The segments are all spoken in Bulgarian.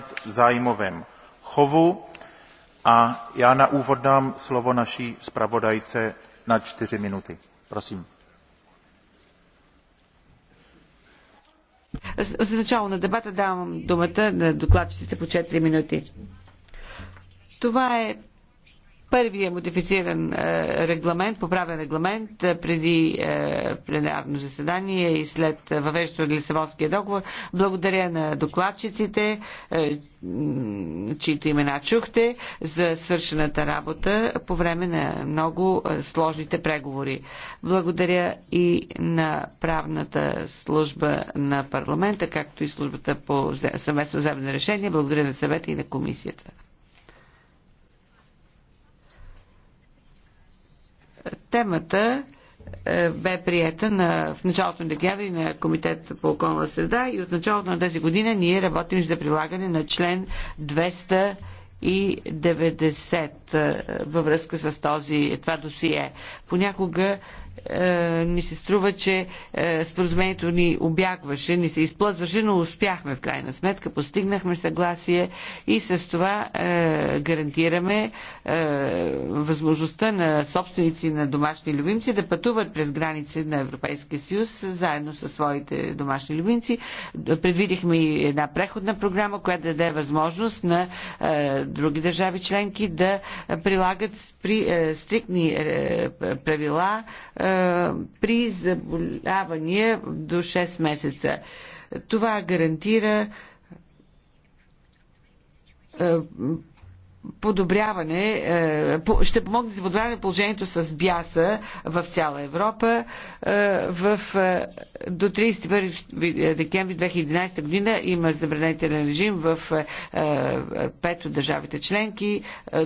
v zájmovém chovu a já na úvod dám slovo naší zpravodajce na čtyři minuty. Prosím. За начало на дебата давам думата на докладчиците по 4 минути. Това е първия е модифициран е, регламент, поправен регламент е, преди пленарно заседание и след въвеждането на Лисабонския договор. Благодаря на докладчиците, чието имена чухте, за свършената работа по време на много сложните преговори. Благодаря и на правната служба на парламента, както и службата по съвместно вземане решение. Благодаря на съвета и на комисията. Темата е, бе приета на, в началото на декември на Комитет по околна среда и от началото на тази година ние работим за прилагане на член 200 и 90 е, във връзка с този, това досие. Понякога е, ни се струва, че е, споразумението ни обягваше, ни се изплъзваше, но успяхме в крайна сметка, постигнахме съгласие и с това е, гарантираме възможността на собственици на домашни любимци да пътуват през граници на Европейския съюз заедно със своите домашни любимци. Предвидихме и една преходна програма, която да даде възможност на други държави членки да прилагат при стриктни правила при заболявания до 6 месеца. Това гарантира подобряване, е, ще помогне за подобряване на положението с бяса в цяла Европа е, в, е, до 31 декември 2011 година има забранителен режим в пет от държавите членки.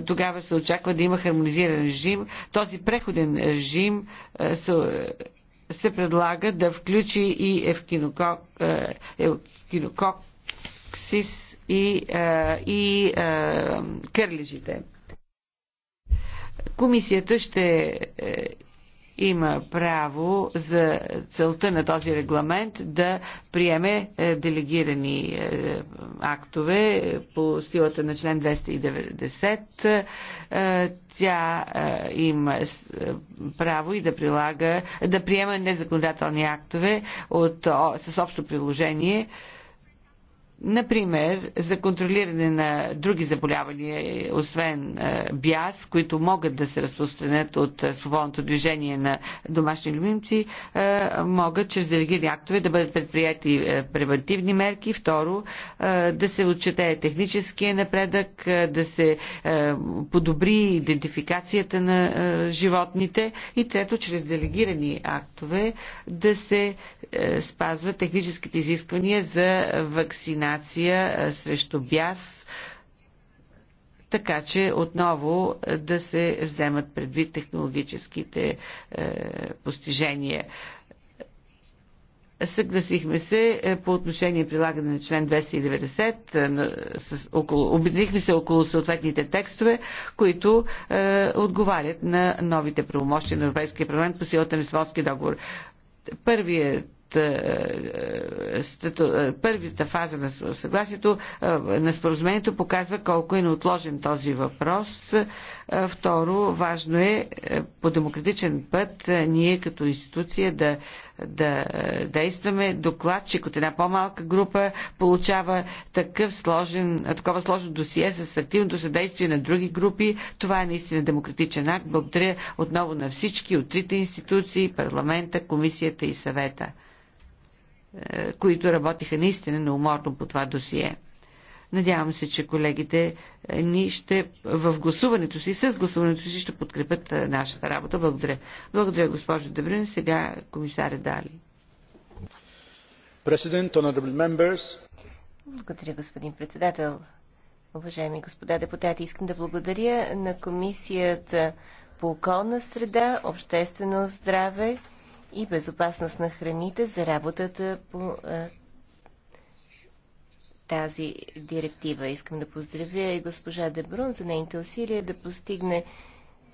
Тогава се очаква да има хармонизиран режим. Този преходен режим се, се предлага да включи и евкинокок, евкинококсис и, е, и е, кърлежите. Комисията ще е, има право за целта на този регламент да приеме делегирани актове по силата на член 290. Тя има право и да прилага, да приема незаконодателни актове от, с общо приложение Например, за контролиране на други заболявания, освен е, бяс, които могат да се разпространят от е, свободното движение на домашни любимци, е, могат чрез делегирани актове да бъдат предприяти превентивни мерки. Второ, да се отчете техническия напредък, да се подобри идентификацията на животните. И трето, чрез делегирани актове да се спазват техническите изисквания за вакцинация дискриминация срещу бяс, така че отново да се вземат предвид технологическите е, постижения. Съгласихме се е, по отношение прилагане на член 290, е, с около, обединихме се около съответните текстове, които е, отговарят на новите правомощи на Европейския парламент по силата на Лисбонския договор. Първият е, е, е, първата фаза на съгласието, на споразумението показва колко е неотложен този въпрос. Второ, важно е по демократичен път ние като институция да, да действаме. че от една по-малка група получава такъв сложен, такова сложно досие с активното съдействие на други групи. Това е наистина демократичен акт. Благодаря отново на всички от трите институции, парламента, комисията и съвета. Е, които работиха наистина неуморно по това досие. Надявам се, че колегите е, ни ще в гласуването си, с гласуването си ще подкрепят е, нашата работа. Благодаря. Благодаря, госпожо Дебрин. Сега комисаря Дали. Благодаря, господин председател. Уважаеми господа депутати, искам да благодаря на Комисията по околна среда, обществено здраве, и безопасност на храните за работата по а, тази директива. Искам да поздравя и госпожа Дебрун за нейните усилия да постигне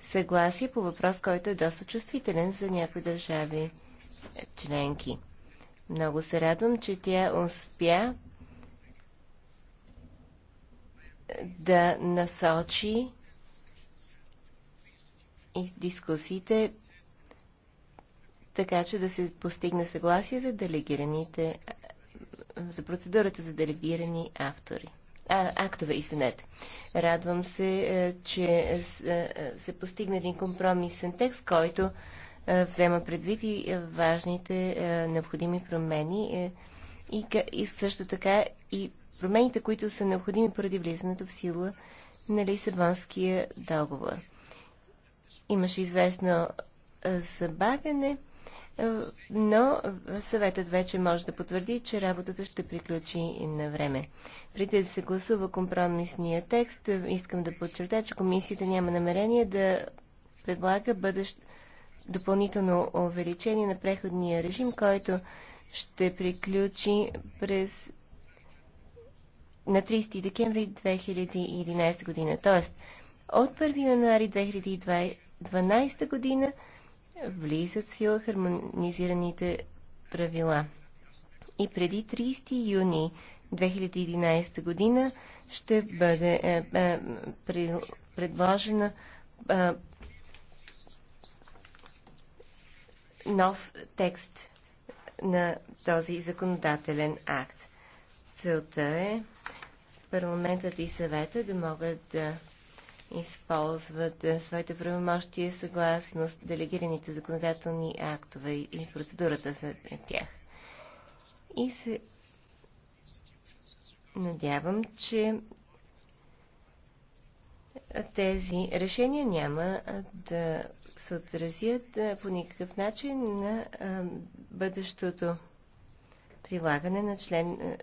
съгласие по въпрос, който е доста чувствителен за някои държави членки. Много се радвам, че тя успя да насочи и дискусиите така че да се постигне съгласие за делегираните, за процедурата за делегирани автори. А, актове, извинете. Радвам се, е, че е, се постигна един компромисен текст, който е, взема предвид и важните необходими промени и, и също така и промените, които са необходими поради влизането в сила на Лисабонския договор. Имаше известно забавяне е, но съветът вече може да потвърди, че работата ще приключи на време. Преди да се гласува компромисния текст, искам да подчертая, че комисията няма намерение да предлага бъдещ допълнително увеличение на преходния режим, който ще приключи през на 30 декември 2011 година. Тоест, от 1 януари 2012 година влизат в сила хармонизираните правила. И преди 30 юни 2011 година ще бъде е, е, предложена е, нов текст на този законодателен акт. Целта е парламентът и съвета да могат да използват е, своите правомощия съгласно с делегираните законодателни актове и процедурата за тях. И се надявам, че тези решения няма да се отразят по никакъв начин на бъдещото прилагане на член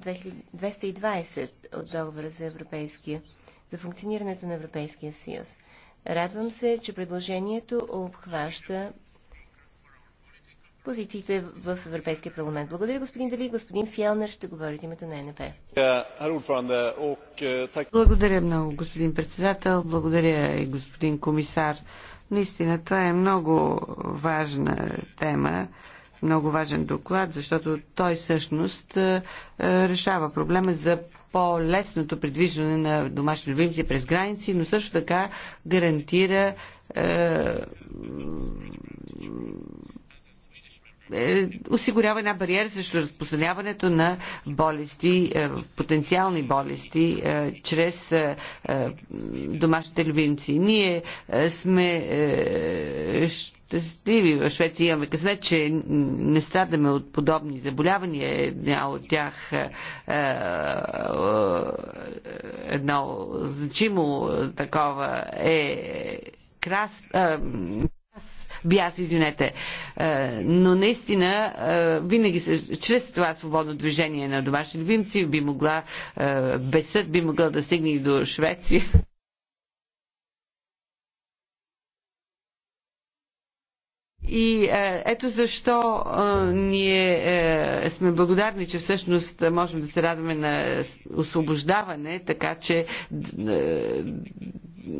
220 от договора за Европейския за функционирането на Европейския съюз. Радвам се, че предложението обхваща позициите в Европейския парламент. Благодаря, господин Дали. Господин Фялнер ще говори от името на НП. Благодаря много, господин председател. Благодаря и господин комисар. Наистина, това е много важна тема, много важен доклад, защото той всъщност е, решава проблема за по-лесното придвижване на домашни любимци през граници, но също така гарантира е, е, осигурява една бариера срещу разпространяването на болести, е, потенциални болести, е, чрез домашните любимци. Ние сме щастливи в Швеция, имаме късмет, че не страдаме от подобни заболявания. Една от тях е, е, едно значимо такова е крас, е, бяс, извинете. Е, но наистина, е, винаги се, чрез това свободно движение на домашни любимци би могла, е, бесът би могъл да стигне и до Швеция. И ето защо ние сме благодарни, че всъщност можем да се радваме на освобождаване, така че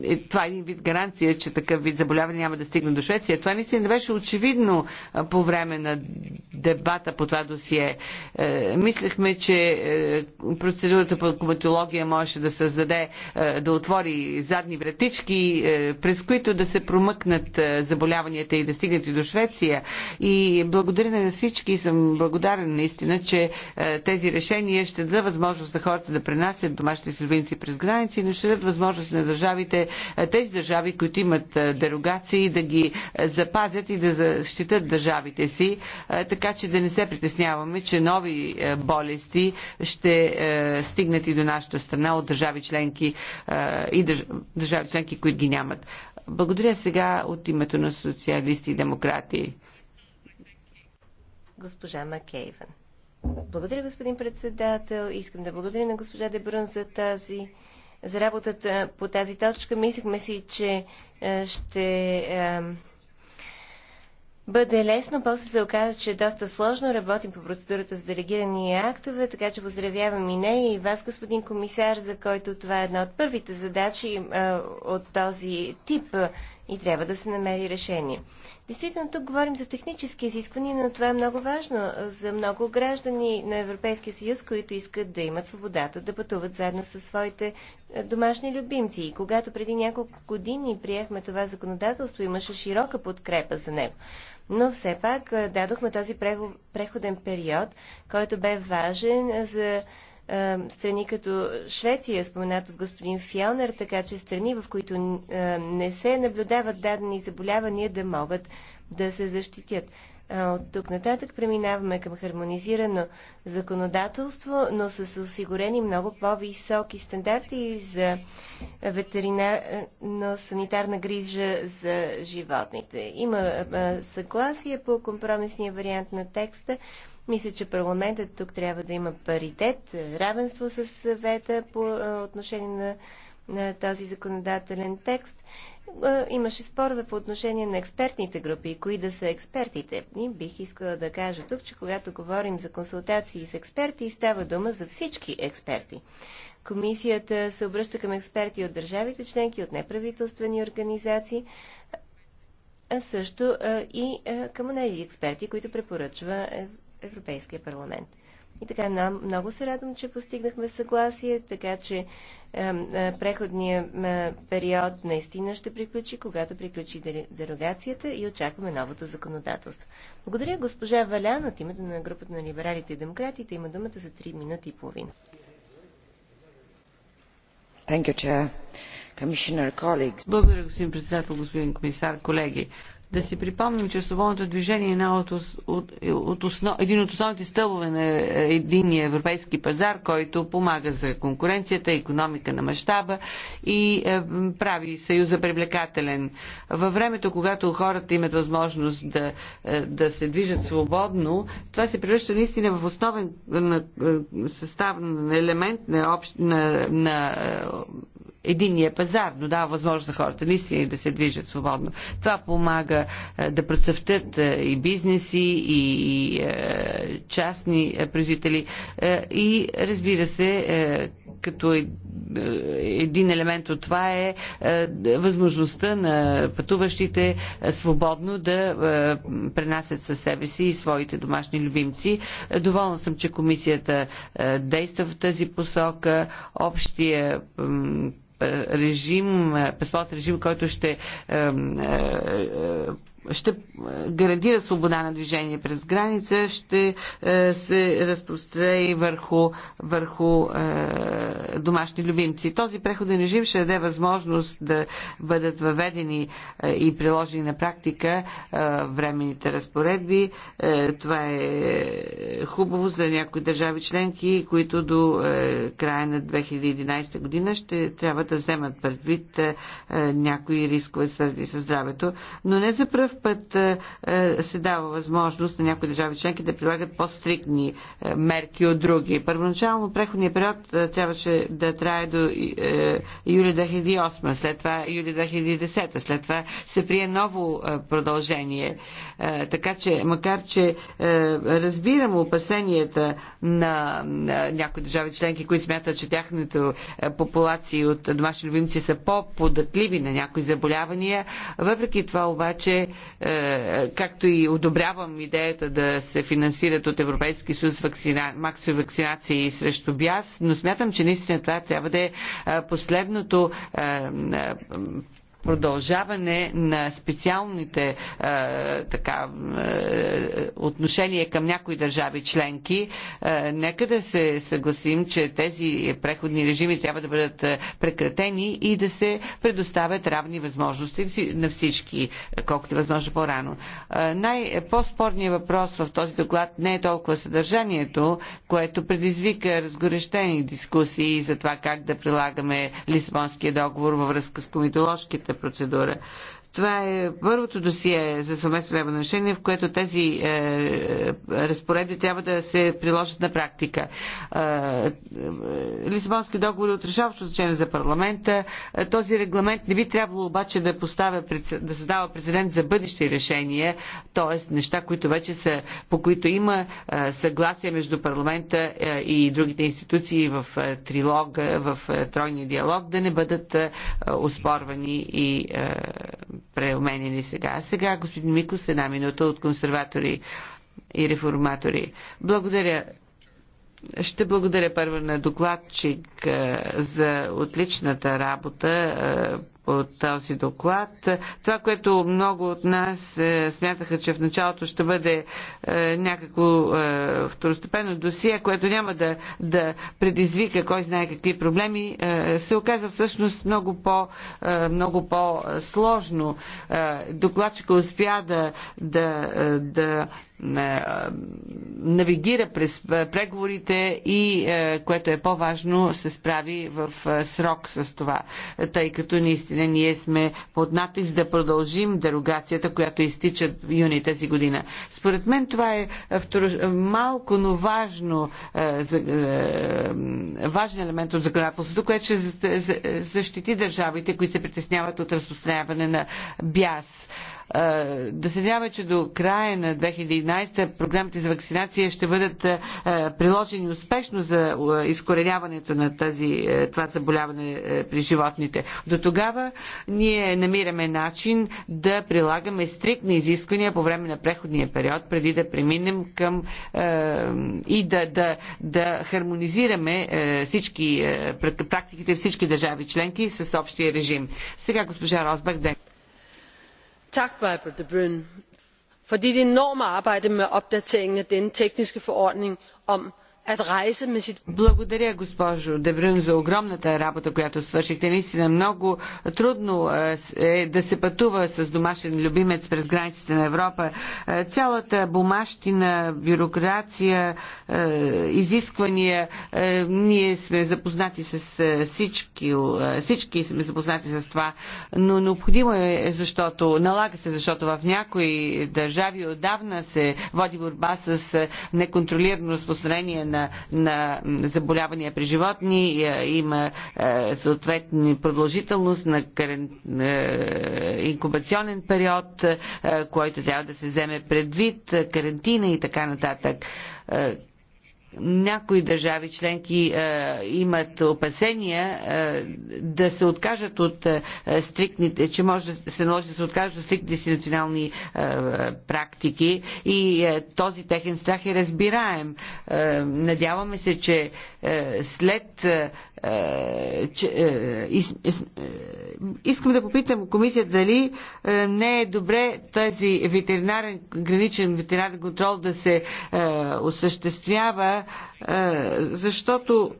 е, това е един вид гаранция, че такъв вид заболяване няма да стигне до Швеция. Това наистина не беше очевидно по време на дебата по това досие. Е, мислехме, че е, процедурата по коматология може да създаде, да отвори задни вратички, през които да се промъкнат заболяванията и да стигнат и до Швеция. И благодаря на всички и съм благодарен наистина, че тези решения ще дадат възможност на хората да пренасят домашните си любимци през граници, но ще дадат възможност на държавите държавите, тези държави, които имат дерогации, да ги запазят и да защитат държавите си, така че да не се притесняваме, че нови болести ще стигнат и до нашата страна от държави членки и държави членки, които ги нямат. Благодаря сега от името на социалисти и демократи. Госпожа Макейвен. Благодаря, господин председател. Искам да благодаря на госпожа Дебрън за тази за работата по тази точка. Мислихме си, че е, ще е, бъде лесно, после се оказа, че е доста сложно. Работим по процедурата с делегирани актове, така че поздравявам и нея и вас, господин комисар, за който това е една от първите задачи е, от този тип и трябва да се намери решение. Действително, тук говорим за технически изисквания, но това е много важно за много граждани на Европейския съюз, които искат да имат свободата да пътуват заедно със своите е, домашни любимци. И когато преди няколко години приехме това законодателство, имаше широка подкрепа за него. Но все пак е, дадохме този преходен период, който бе важен за страни като Швеция, споменат от господин Фялнер, така че страни, в които не се наблюдават дадени заболявания, да могат да се защитят. От тук нататък преминаваме към хармонизирано законодателство, но с осигурени много по-високи стандарти за ветеринарно-санитарна грижа за животните. Има съгласие по компромисния вариант на текста. Мисля, че парламентът тук трябва да има паритет, равенство с съвета по отношение на, на този законодателен текст. Имаше спорове по отношение на експертните групи и кои да са експертите. И бих искала да кажа тук, че когато говорим за консултации с експерти, става дума за всички експерти. Комисията се обръща към експерти от държавите членки, от неправителствени организации, а също и към тези експерти, които препоръчва е, Европейския парламент. И така, много се радвам, че постигнахме съгласие, така че е, е, преходният е, период наистина ще приключи, когато приключи дерогацията и очакваме новото законодателство. Благодаря госпожа Валян от името на групата на либералите и демократите. Има думата за 3 минути и половина. Благодаря, господин председател, господин комисар, колеги. Да си припомним, че свободното движение е от, от, е от основ, един от основните стълбове на е, единния европейски пазар, който помага за конкуренцията, економика на мащаба и е, прави съюза привлекателен. Във времето, когато хората имат възможност да, е, да се движат свободно, това се превръща наистина в основен на, е, състав на елемент на, общ, на, на единния пазар, но дава възможност на хората наистина да се движат свободно. Това помага е, да процъфтят е, и бизнеси, и е, частни производители и разбира се, като един елемент от това е възможността на пътуващите свободно да пренасят със себе си и своите домашни любимци. Доволна съм, че комисията действа в тази посока. Общия режим, е, паспорт режим, който ще е, е, ще е, гарантира свобода на движение през граница, ще е, се разпростре и върху, върху е, домашни любимци. Този преходен режим ще даде възможност да бъдат въведени и приложени на практика времените разпоредби. Това е хубаво за някои държави членки, които до края на 2011 година ще трябва да вземат предвид някои рискове свързани с здравето. Но не за пръв път е, е, се дава възможност на някои държави членки да прилагат по-стрикни е, мерки от други. Първоначално преходният период трябваше да трае до юли 2008, след това юли 2010, след това се прие ново продължение. Така че, макар че разбирам опасенията на някои държави членки, които смятат, че тяхното популации от домашни любимци са по-податливи на някои заболявания, въпреки това обаче е, както и одобрявам идеята да се финансират от Европейски съюз вакцина, максови вакцинации срещу бяс, но смятам, че наистина това трябва да е, е последното е, продължаване на специалните е, така, е, отношения към някои държави членки, е, нека да се съгласим, че тези преходни режими трябва да бъдат е, прекратени и да се предоставят равни възможности на всички, колкото е възможно по-рано. Е, Най-по-спорният въпрос в този доклад не е толкова съдържанието, което предизвика разгорещени дискусии за това как да прилагаме Лисбонския договор във връзка с комитоложките процедура. Това е първото досие за съвместно на решение, в което тези е, е, разпоредби трябва да се приложат на практика. Е, е, Лисабонски договор е отрешаващо значение за парламента. Е, този регламент не би трябвало обаче да, поставя, да създава прецедент за бъдещи решения, т.е. неща, които вече са, по които има е, съгласие между парламента е, и другите институции в е, трилога, в е, тройния диалог, да не бъдат е, е оспорвани и е, Преуменени сега. Сега господин Микос, една минута от консерватори и реформатори. Благодаря. Ще благодаря първо на докладчик е, за отличната работа е, от този доклад. Това, което много от нас е, смятаха, че в началото ще бъде е, някакво е, второстепенно досие, което няма да, да предизвика кой знае какви проблеми, се оказа всъщност много, по, много по-сложно. Докладчика успя да, да, да е, навигира през е, преговорите и, е, което е по-важно, се справи в срок с това, тъй като наистина ние сме под натиск да продължим дерогацията, която изтича в юни тази година. Според мен това е малко, но важно, важен елемент от законодателството, което ще защити държавите, които се притесняват от разпространяване на бяс да надяваме, че до края на 2011 програмите за вакцинация ще бъдат приложени успешно за изкореняването на тази, това заболяване при животните. До тогава ние намираме начин да прилагаме стриктни изисквания по време на преходния период, преди да преминем към и да, да, да хармонизираме всички практиките всички държави членки с общия режим. Сега госпожа Розбек, да tak britt de bruijn for dit enorme arbejde med opdateringen af denne tekniske forordning om благодаря, госпожо Дебрюн, за огромната работа, която свършихте. Наистина много трудно е, е да се пътува с домашен любимец през границите на Европа. Е, цялата бумащина, бюрокрация, е, изисквания, ние сме запознати с всички, всички сме запознати с това, но необходимо е, защото, налага се, защото в някои държави отдавна се води борба с неконтролирано разпространение на на, на заболявания при животни, е, има е, съответни продължителност на карен, е, инкубационен период, който трябва да се вземе предвид, карантина и така нататък някои държави членки е, имат опасения е, да се откажат от е, стрикните, че може да се наложи да се откажат от стрикните си национални е, практики и е, този техен страх е разбираем. Е, надяваме се, че е, след е, е, че, е, из, из, е, искам да попитам комисията дали не е добре тази ветеринарен, граничен ветеринарен контрол да се е, осъществява, е, защото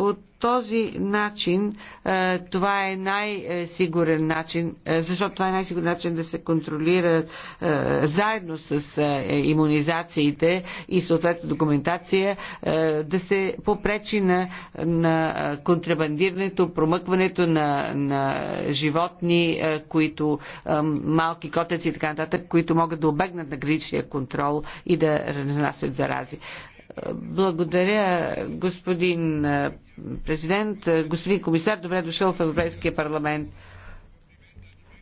от този начин е, това е най-сигурен начин, е, защото това е най-сигурен начин да се контролира е, заедно с иммунизациите и съответно документация да се попречи на, на контрабандирането, промъкването на, на животни, които малки котеци и така нататък, които могат да обегнат на граничния контрол и да разнасят зарази. Благодаря, господин президент. Господин комисар, добре дошъл в Европейския парламент.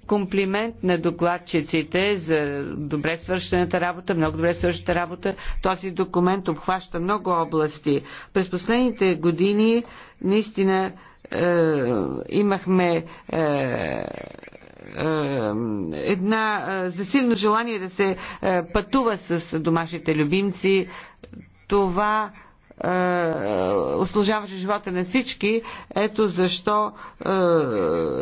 Комплимент на докладчиците за добре свършената работа, много добре свършената работа. Този документ обхваща много области. През последните години наистина е, имахме е, е, е една е, засилено желание да се пътува с домашните любимци, това ослужаваше е, живота на всички. Ето защо е,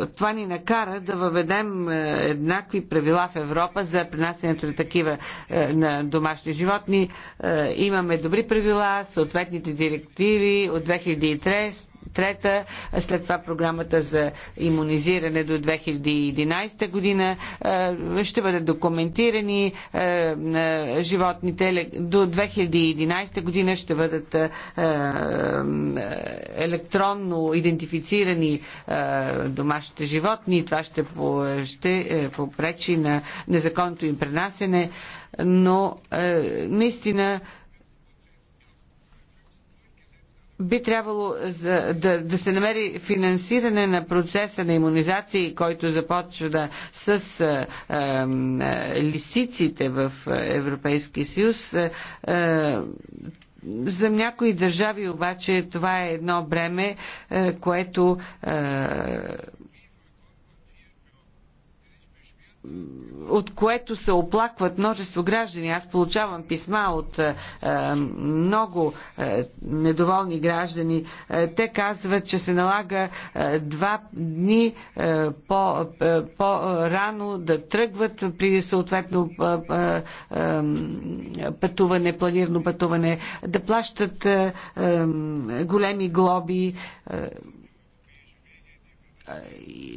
това ни накара да въведем е, еднакви правила в Европа за принасянето на такива е, на домашни животни. Е, имаме добри правила, съответните директиви от 2003 Трета, след това програмата за иммунизиране до 2011 година. Ще бъдат документирани животните. До 2011 година ще бъдат електронно идентифицирани домашните животни. Това ще, по, ще е, попречи на незаконното им пренасене но наистина би трябвало за, да, да се намери финансиране на процеса на иммунизации, който започва да, с а, а, лисиците в Европейския съюз. А, за някои държави обаче това е едно бреме, което А, от което се оплакват множество граждани. Аз получавам писма от е, е, много е, недоволни граждани. Е, те казват, че се налага е, два дни е, по, е, по-рано да тръгват при съответно е, е, е пътуване, планирано пътуване, да плащат е, е, големи глоби. Е,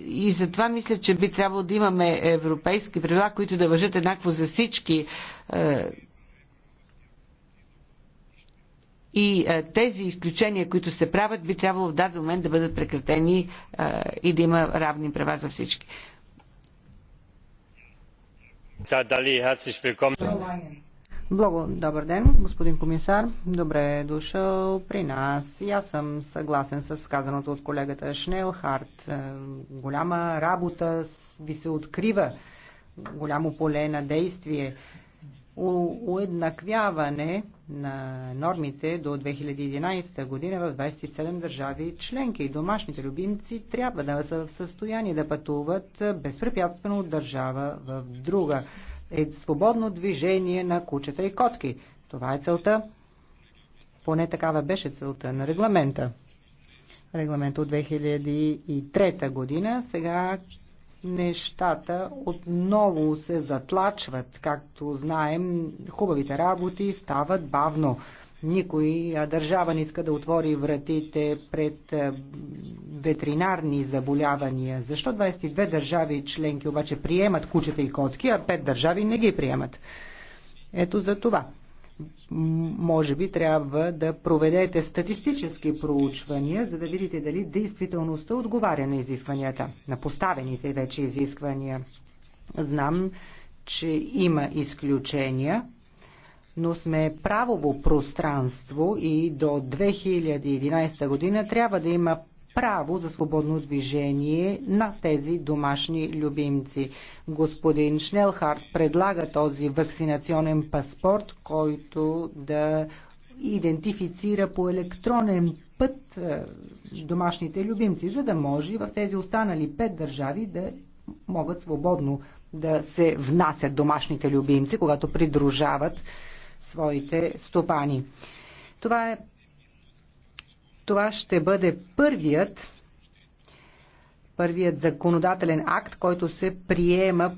и затова мисля, че би трябвало да имаме европейски правила, които да въжат еднакво за всички. Е, и е, тези изключения, които се правят, би трябвало в даден момент да бъдат прекратени е, и да има равни права за всички. Садали, herzlich Благо, добър ден, господин комисар. Добре е дошъл при нас. И аз съм съгласен с казаното от колегата Шнелхарт. Е, голяма работа ви се открива, голямо поле на действие. Уеднаквяване на нормите до 2011 година в 27 държави членки. И Домашните любимци трябва да са в състояние да пътуват безпрепятствено от държава в друга е свободно движение на кучета и котки. Това е целта. Поне такава беше целта на регламента. Регламент от 2003 година. Сега нещата отново се затлачват. Както знаем, хубавите работи стават бавно никой а държава не иска да отвори вратите пред ветеринарни заболявания. Защо 22 държави членки обаче приемат кучета и котки, а 5 държави не ги приемат? Ето за това. Може би трябва да проведете статистически проучвания, за да видите дали действителността отговаря на изискванията, на поставените вече изисквания. Знам, че има изключения, но сме правово пространство и до 2011 година трябва да има право за свободно движение на тези домашни любимци. Господин Шнелхарт предлага този вакцинационен паспорт, който да идентифицира по електронен път е, домашните любимци, за да може в тези останали пет държави да могат свободно да се внасят домашните любимци, когато придружават своите стопани. Това, е, това ще бъде първият, първият законодателен акт, който се приема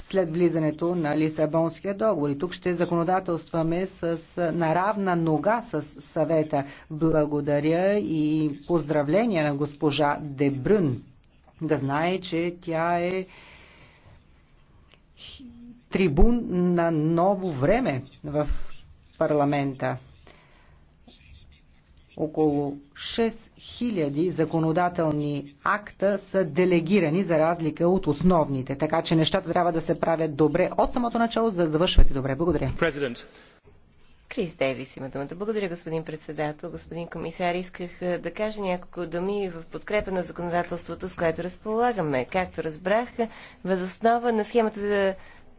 след влизането на Лисабонския договор. И тук ще законодателстваме с наравна нога с съвета. Благодаря и поздравления на госпожа Дебрън. Да знае, че тя е трибун на ново време в парламента. Около 6000 законодателни акта са делегирани за разлика от основните, така че нещата трябва да се правят добре от самото начало, за да завършват и добре. Благодаря. President. Крис Дейвис има думата. Благодаря, господин председател. Господин комисар, исках да кажа няколко думи в подкрепа на законодателството, с което разполагаме. Както разбрах, възоснова на схемата за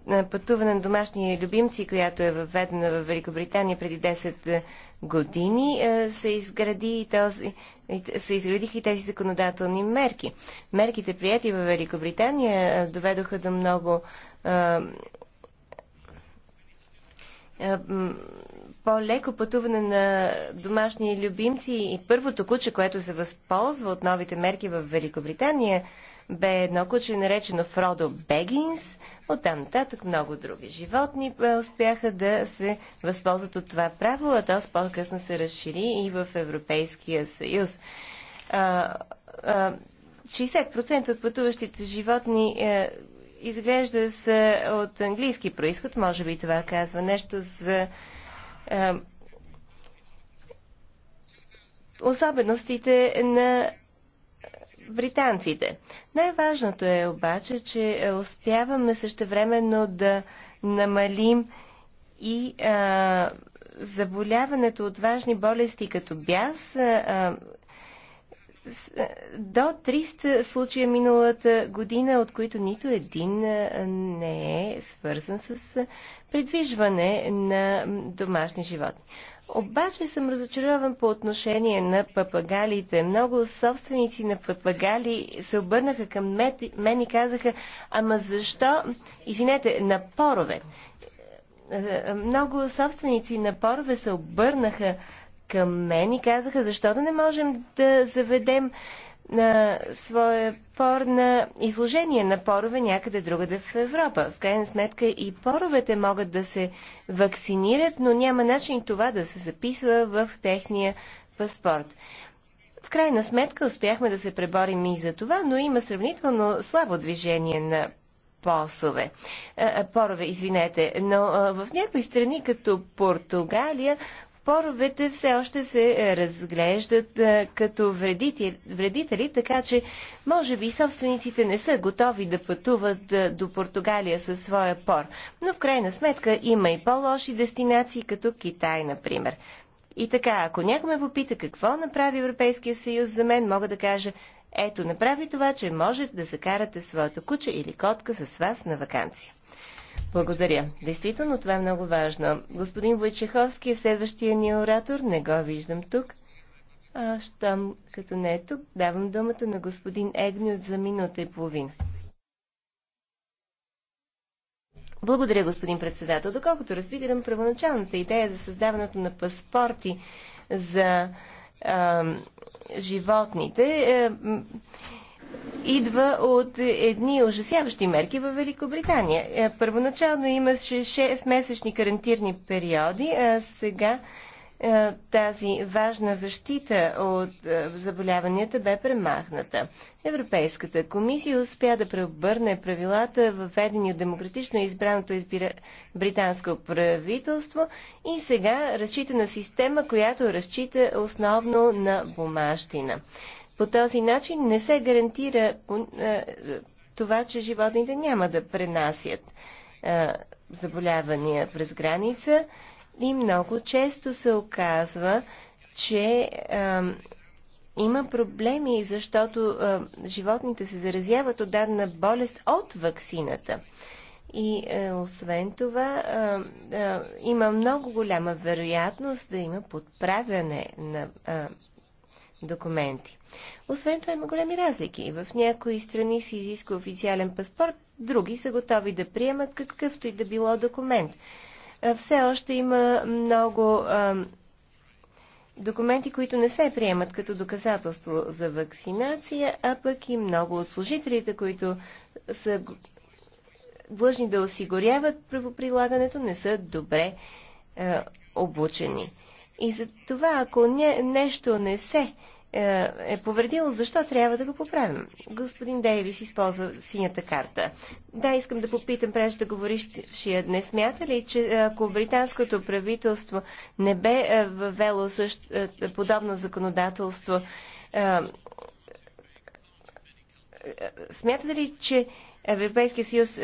на пътуване на домашни любимци, която е въведена в Великобритания преди 10 е, години, се, изгради и този, се изградиха и тези законодателни мерки. Мерките, прияти в Великобритания, е, доведоха до много е, по-леко пътуване на домашни любимци и първото куче, което се възползва от новите мерки в Великобритания, бе едно куче наречено Фродо Бегинс. Оттам нататък много други животни е, успяха да се възползват от това право, а то по-късно се разшири и в Европейския съюз. 60% от пътуващите животни е, изглежда са от английски происход. Може би това казва нещо за е, особеностите на британците. Най-важното е обаче, че е, успяваме същевременно да намалим и а, заболяването от важни болести като бяс. А, с, а, до 300 случая миналата година, от които нито един а, не е свързан с а, придвижване на домашни животни. Обаче съм разочарован по отношение на папагалите. Много собственици на папагали се обърнаха към мен и казаха, ама защо, извинете, на порове. Е, е, много собственици на порове се обърнаха към мен и казаха, защо да не можем да заведем на своя пор на изложение на порове някъде другаде в Европа. В крайна сметка и поровете могат да се вакцинират, но няма начин това да се записва в техния паспорт. В крайна сметка успяхме да се преборим и за това, но има сравнително слабо движение на посове. Порове, извинете, но в някои страни, като Португалия, Споровете все още се е, разглеждат е, като вредители, вредители, така че може би собствениците не са готови да пътуват е, до Португалия със своя пор. Но в крайна сметка има и по-лоши дестинации, като Китай, например. И така, ако някой ме попита какво направи Европейския съюз за мен, мога да кажа ето, направи това, че можете да закарате своето куче или котка с вас на вакансия. Благодаря. Действително това е много важно. Господин Войчеховски е следващия ни оратор. Не го виждам тук. А щом като не е тук, давам думата на господин Егнют за минута и половина. Благодаря, господин председател. Доколкото разбирам, първоначалната идея за създаването на паспорти за а, животните а, е, идва от едни ужасяващи мерки в Великобритания. Е, първоначално имаше 6-месечни карантирни периоди, а сега е, тази важна защита от е, заболяванията бе премахната. Европейската комисия успя да преобърне правилата, въведени от демократично избраното избира... британско правителство и сега разчита на система, която разчита основно на бумащина. По този начин не се гарантира това, че животните няма да пренасят заболявания през граница и много често се оказва, че а, има проблеми, защото а, животните се заразяват от дадена болест от ваксината. И е, освен това, е, е, има много голяма вероятност да има подправяне на документи. Освен това има големи разлики. В някои страни се изисква официален паспорт, други са готови да приемат какъвто и да било документ. Все още има много а, документи, които не се приемат като доказателство за вакцинация, а пък и много от служителите, които са длъжни да осигуряват правоприлагането, не са добре обучени. И за това, ако не, нещо не се е, е, повредил, защо трябва да го поправим? Господин Дейвис използва синята карта. Да, искам да попитам преждеговорившия. Да не смята ли, че е, ако британското правителство не бе е, въвело същ, подобно законодателство, смятате ли, че Европейския съюз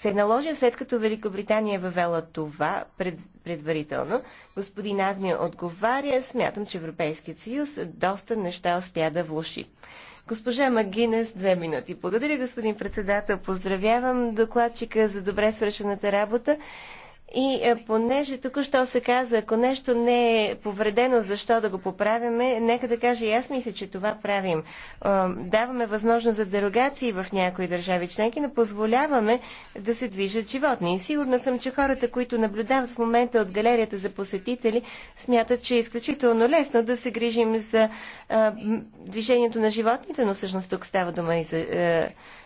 се наложи, след като Великобритания е въвела това пред, предварително. Господин Агния отговаря, смятам, че Европейският съюз доста неща успя да влуши. Госпожа Магинес, две минути. Благодаря, господин председател. Поздравявам докладчика за добре свършената работа. И е, понеже току-що се каза, ако нещо не е повредено, защо да го поправяме, нека да кажа и аз мисля, че това правим. Е, даваме възможност за дерогации в някои държави членки, но позволяваме да се движат животни. И сигурна съм, че хората, които наблюдават в момента от галерията за посетители, смятат, че е изключително лесно да се грижим за а, е, движението на животните, но всъщност тук става дума и за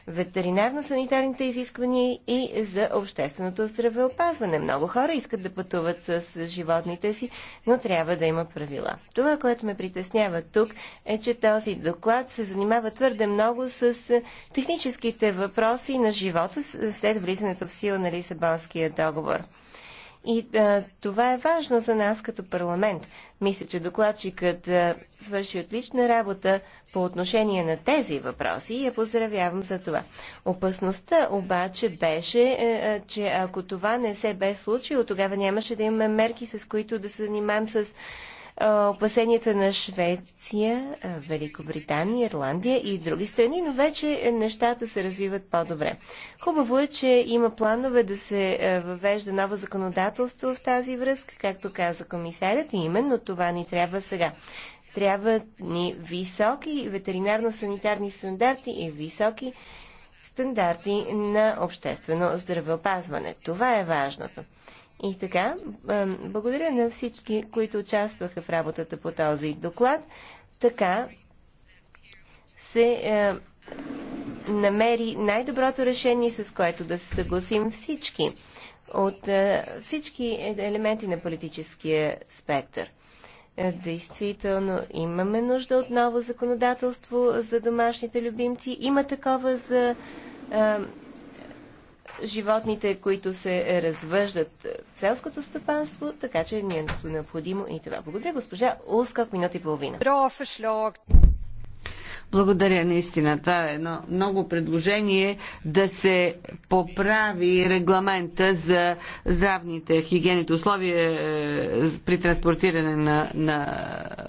ветеринарно-санитарните изисквания и за общественото здравеопазване много хора искат да пътуват с животните си, но трябва да има правила. Това, което ме притеснява тук, е, че този доклад се занимава твърде много с е, техническите въпроси на живота след влизането в сила на Лисабонския договор. И да, това е важно за нас като парламент. Мисля, че докладчикът да свърши отлична работа по отношение на тези въпроси и я поздравявам за това. Опасността обаче беше, е, е, че ако това не се бе случило, тогава нямаше да имаме мерки, с които да се занимаем с опасенията на Швеция, Великобритания, Ирландия и други страни, но вече нещата се развиват по-добре. Хубаво е, че има планове да се въвежда ново законодателство в тази връзка, както каза комисарят, и именно това ни трябва сега. Трябват ни високи ветеринарно-санитарни стандарти и високи стандарти на обществено здравеопазване. Това е важното. И така, благодаря на всички, които участваха в работата по този доклад. Така се е, намери най-доброто решение, с което да се съгласим всички от е, всички елементи на политическия спектър. Действително имаме нужда от ново законодателство за домашните любимци. Има такова за е, животните, които се развъждат в селското стопанство, така че ни е необходимо и това. Благодаря, госпожа Улска, минута и половина. Благодаря наистина. Това е едно много предложение да се поправи регламента за здравните хигиените условия е, при транспортиране на, на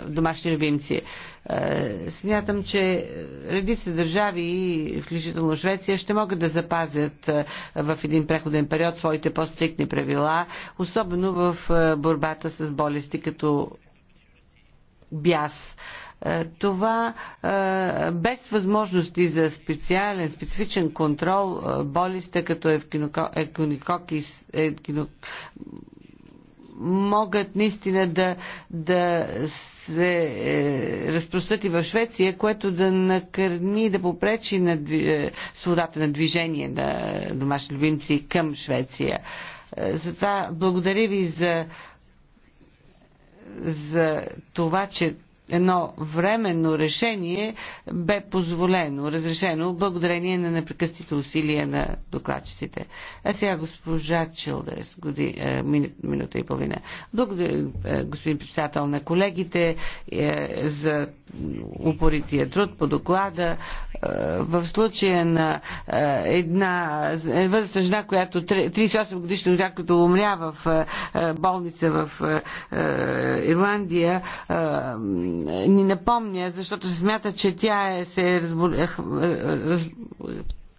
домашни любимци. Е, смятам, че редица държави, включително Швеция, ще могат да запазят е, в един преходен период своите по-стрикни правила, особено в е, борбата с болести като бяс това без възможности за специален, специфичен контрол болестта като е евкинококис могат наистина да, да се е, разпростат и в Швеция, което да накърни, да попречи на е, свободата на движение на домашни любимци към Швеция. Е, затова благодаря ви за, за това, че едно временно решение бе позволено, разрешено благодарение на непрекъстите усилия на докладчиците. А сега госпожа Чилдърс, годи, е, минута и половина. Благодаря, е, господин председател, на колегите е, за упорития труд по доклада. Е, в случая на е, една е, възрастна жена, която 38 годишна, която умря в болница в Ирландия, ни напомня, защото се смята, че тя е, се е разбор... Е, раз...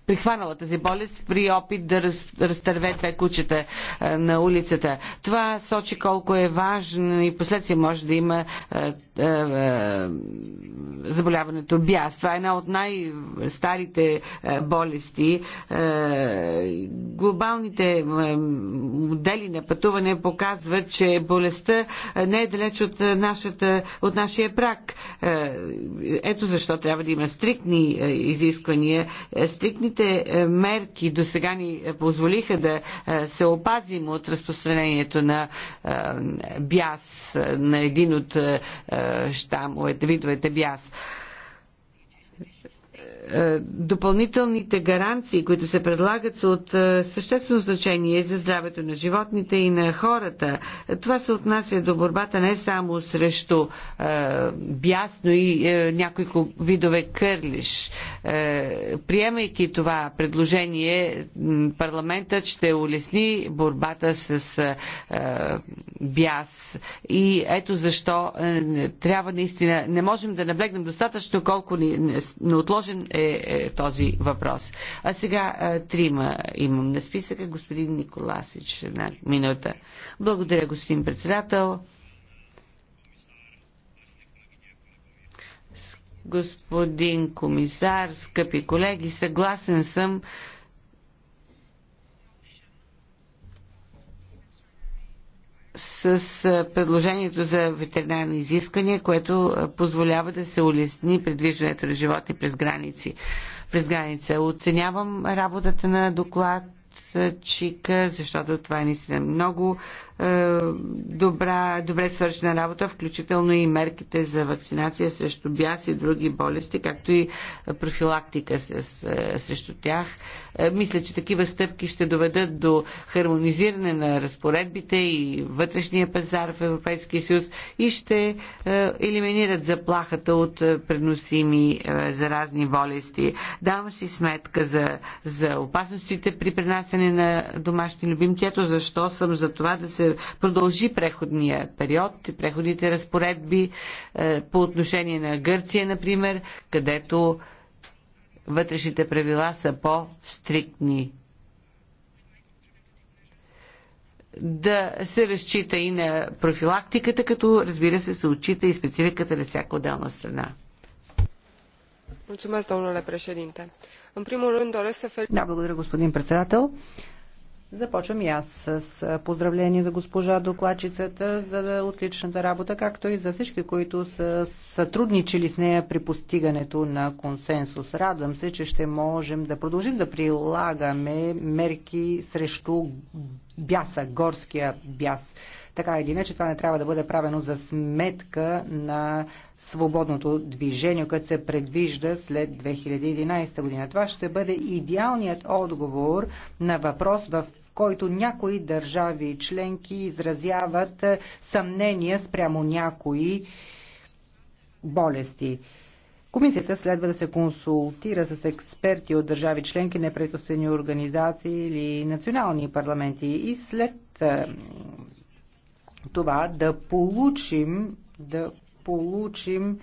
прихванала тази болест при опит да раз... разтърве две кучета е, на улицата. Това сочи колко е важно и последствие може да има е, е, е, заболяването бяс. Това е една от най-старите е, болести. Глобалните модели на пътуване показват, че болестта не е далеч от, нашата, от нашия прак. Ето защо трябва да има стриктни изисквания. Стриктните мерки до сега ни позволиха да се опазим от разпространението на бяс на един от щамовете, видовете бяс. Е, допълнителните гаранции, които се предлагат, са от е, съществено значение за здравето на животните и на хората. Това се отнася до борбата не само срещу е, бясно и някои видове кърлиш. приемайки това предложение, парламентът ще улесни борбата с бяс. И ето защо трябва наистина, не можем да наблегнем достатъчно колко неотложен е е, е този въпрос. А сега е, трима имам на списъка. Господин Николасич, една минута. Благодаря, господин председател. Господин комисар, скъпи колеги, съгласен съм с предложението за ветеринарни изисквания, което позволява да се улесни предвижването на животни през, граници, през граница. Оценявам работата на доклад чика, защото това е наистина много е, добра, добре свършена работа, включително и мерките за вакцинация срещу бяс и други болести, както и профилактика с, е, срещу тях. Е, мисля, че такива стъпки ще доведат до хармонизиране на разпоредбите и вътрешния пазар в Европейския съюз и ще елиминират заплахата от преносими заразни болести. Давам си сметка за, за опасностите при пренасене на домашни любимчето, защо съм за това да се продължи преходния период, преходните разпоредби е, по отношение на Гърция, например, където вътрешните правила са по-стриктни. Да се разчита и на профилактиката, като разбира се се отчита и спецификата на всяка отделна страна. Да, благодаря, господин председател. Започвам и аз с поздравление за госпожа докладчицата за отличната работа, както и за всички, които са сътрудничили с нея при постигането на консенсус. Радвам се, че ще можем да продължим да прилагаме мерки срещу бяса, горския бяс. Така или иначе, това не трябва да бъде правено за сметка на свободното движение, което се предвижда след 2011 година. Това ще бъде идеалният отговор на въпрос в който някои държави членки изразяват е, съмнения спрямо някои болести. Комисията следва да се консултира с експерти от държави членки, непредоставени организации или национални парламенти и след е, това да получим, да получим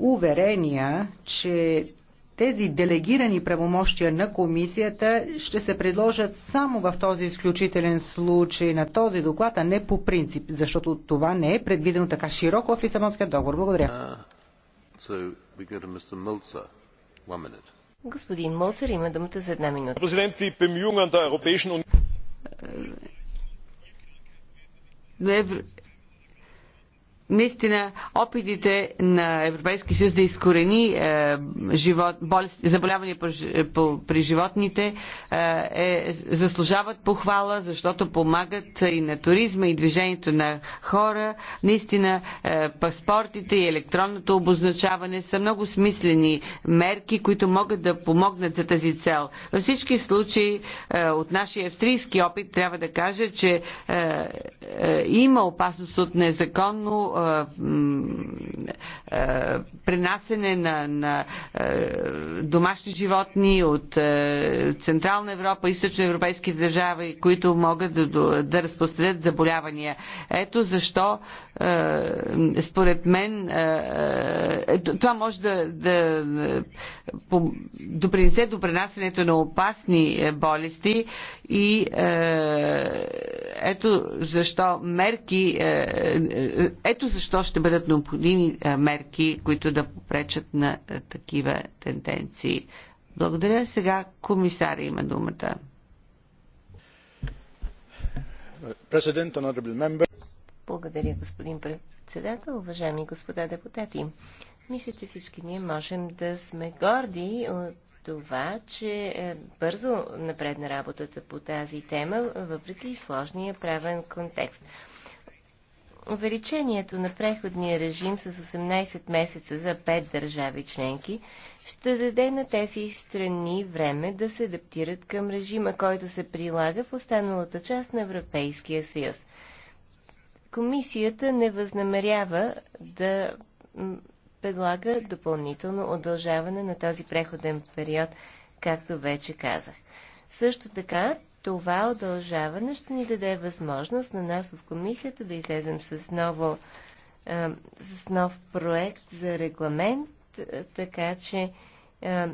уверения, че тези делегирани правомощия на комисията ще се предложат само в този изключителен случай на този доклад, а не по принцип, защото това не е предвидено така широко в Лисабонския договор. Благодаря. Uh, Господин Молцер има думата за една минута. Евро наистина опитите на Европейския съюз да изкорени е, живот, болест, заболявания по, по, при животните е, е, заслужават похвала, защото помагат и на туризма, и движението на хора. Наистина е, паспортите и електронното обозначаване са много смислени мерки, които могат да помогнат за тази цел. Във всички случаи е, от нашия австрийски опит трябва да кажа, че е, е, има опасност от незаконно пренасене на, на домашни животни от Централна Европа, европейски държави, които могат да, да, да разпространят заболявания. Ето защо, според мен, това може да, да допринесе до пренасенето на опасни е, болести и ето защо мерки, е, е, ето ето защо ще бъдат необходими е, мерки, които да попречат на е, такива тенденции. Благодаря. Сега комисаря има думата. Благодаря, господин председател. Уважаеми господа депутати, мисля, че всички ние можем да сме горди от това, че е, бързо напредна работата по тази тема, въпреки сложния правен контекст. Увеличението на преходния режим с 18 месеца за 5 държави членки ще даде на тези страни време да се адаптират към режима, който се прилага в останалата част на Европейския съюз. Комисията не възнамерява да предлага допълнително удължаване на този преходен период, както вече казах. Също така, това удължаване ще ни даде възможност на нас в комисията да излезем с, ново, а, с нов проект за регламент, така че а,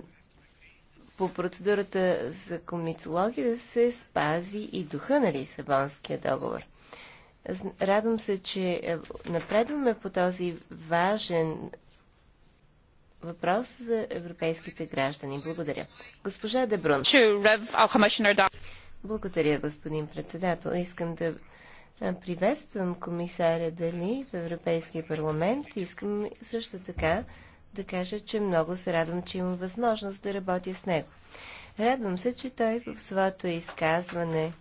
по процедурата за комитология да се спази и духа на Лисабонския договор. Радвам се, че напредваме по този важен въпрос за европейските граждани. Благодаря. Госпожа Дебрун. Благодаря, господин председател. Искам да приветствам комисаря Дали в Европейския парламент. Искам също така да кажа, че много се радвам, че имам възможност да работя с него. Радвам се, че той в своето изказване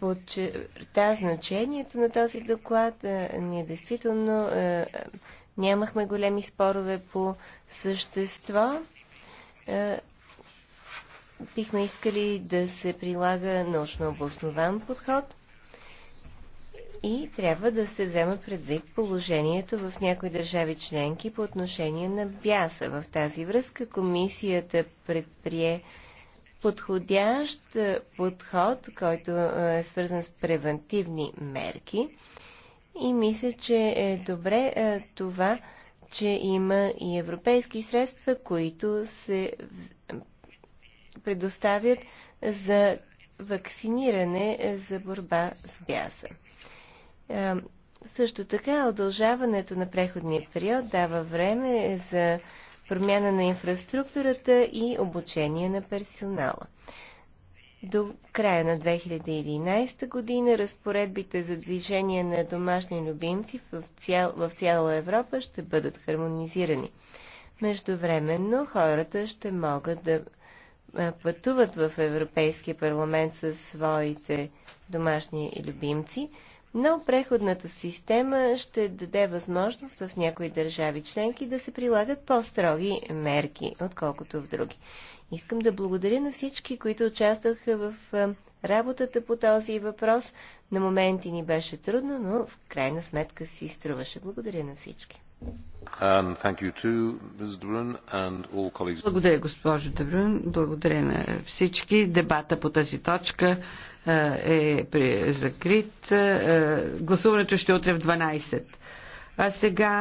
подчерта значението на този доклад. Е, ние действително е, Нямахме големи спорове по същество. Е, бихме искали да се прилага научно обоснован подход и трябва да се взема предвид положението в някои държави членки по отношение на бяса. В тази връзка комисията предприе подходящ е, подход, който е свързан с превентивни мерки и мисля, че е добре е, това, че има и европейски средства, които се предоставят за вакциниране е, за борба с бяса. Е, също така, удължаването на преходния период дава време за промяна на инфраструктурата и обучение на персонала до края на 2011 година разпоредбите за движение на домашни любимци в, цял, в цяла Европа ще бъдат хармонизирани. Междувременно хората ще могат да пътуват в Европейския парламент със своите домашни любимци, но преходната система ще даде възможност в някои държави членки да се прилагат по-строги мерки, отколкото в други. Искам да благодаря на всички, които участваха в работата по този въпрос. На моменти ни беше трудно, но в крайна сметка си струваше. Благодаря на всички. Too, Благодаря, госпожо Дебрун. Благодаря на всички. Дебата по тази точка е, е закрит. Е, гласуването ще е утре в 12. А сега